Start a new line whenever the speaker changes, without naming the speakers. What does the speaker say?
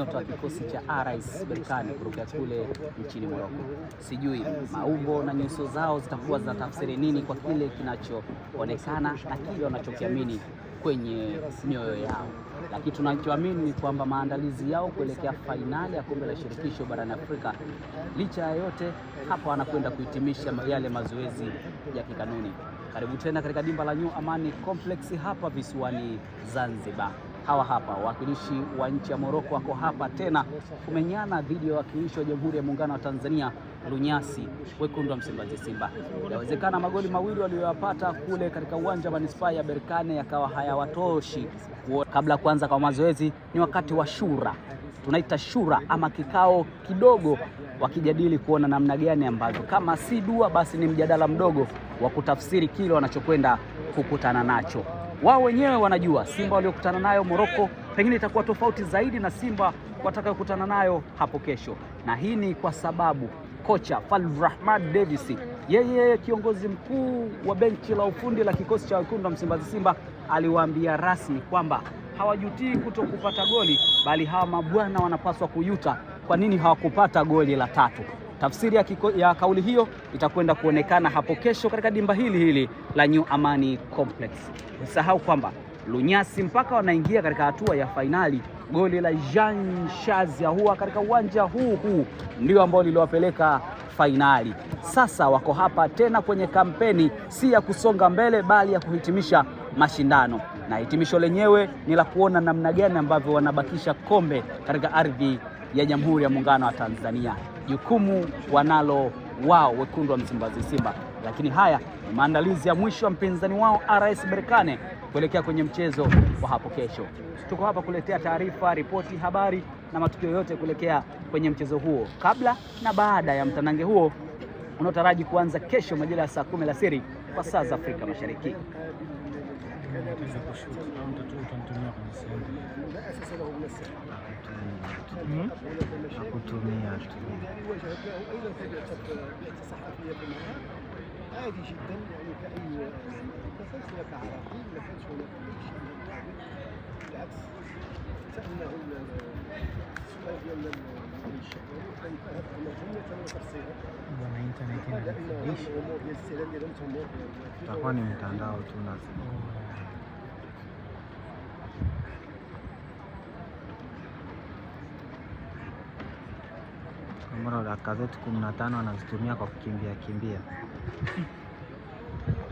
nyota wa kikosi cha RS Berkane kutokea kule nchini Morocco. Sijui maumbo na nyuso zao zitakuwa zinatafsiri nini kwa kile kinachoonekana na kile wanachokiamini kwenye mioyo yao, lakini tunachoamini ni kwamba maandalizi yao kuelekea fainali ya kombe la shirikisho barani Afrika, licha ya yote, hapa wanakwenda kuhitimisha yale mazoezi ya kikanuni. Karibu tena katika dimba la New Amani Complex hapa visiwani Zanzibar hawa hapa wawakilishi wa nchi ya Moroko wako hapa tena kumenyana dhidi ya wawakilishi wa Jamhuri ya Muungano wa Tanzania Lunyasi, wekundu wa Msimbazi Simba. Inawezekana magoli mawili waliyoyapata kule katika uwanja wa manispaa ya Berkane yakawa hayawatoshi. Kabla ya kuanza kwa mazoezi, ni wakati wa shura, tunaita shura ama kikao kidogo, wakijadili kuona namna gani ambavyo kama si dua basi ni mjadala mdogo wa kutafsiri kile wanachokwenda kukutana nacho wao wenyewe wanajua Simba waliokutana nayo moroko pengine itakuwa tofauti zaidi na Simba watakayokutana nayo hapo kesho, na hii ni kwa sababu kocha Falrahman Davis yeye kiongozi mkuu wa benchi la ufundi la kikosi cha wekundu wa Msimbazi Simba aliwaambia rasmi kwamba hawajutii kuto kupata goli, bali hawa mabwana wanapaswa kuyuta kwa nini hawakupata goli la tatu. Tafsiri ya, kiko, ya kauli hiyo itakwenda kuonekana hapo kesho katika dimba hili hili la New Amani Complex. Usahau kwamba Lunyasi mpaka wanaingia katika hatua ya fainali, goli la Jean Shazia huwa katika uwanja huu huu ndio ambao liliwapeleka fainali. Sasa wako hapa tena kwenye kampeni, si ya kusonga mbele, bali ya kuhitimisha mashindano, na hitimisho lenyewe ni la kuona namna gani ambavyo wanabakisha kombe katika ardhi ya Jamhuri ya Muungano wa Tanzania jukumu wanalo wao wekundu wa Msimbazi, Simba. Lakini haya ni maandalizi ya mwisho wa mpinzani wao RS Berkane kuelekea kwenye mchezo wa hapo kesho. Tuko hapa kuletea taarifa, ripoti, habari na matukio yote kuelekea kwenye mchezo huo, kabla na baada ya mtanange huo unaotaraji kuanza kesho majira ya saa kumi alasiri kwa saa za Afrika Mashariki.
قلت مية عشر واجهتناه ايضا في بعثه صحفيه في المغرب عادي جدا يعني كاي قصص ولا كعراقي ما كانش هناك شيء
بالعكس حتى انه السؤال ديال الشباب كان فهد انه جمله وتفصيلا وما انت ما كاين الامور ديال السلام ديالهم
تهم طاحوني من تاع داو تونس mbona dakika zetu kumi na tano anazitumia kwa kukimbia kimbia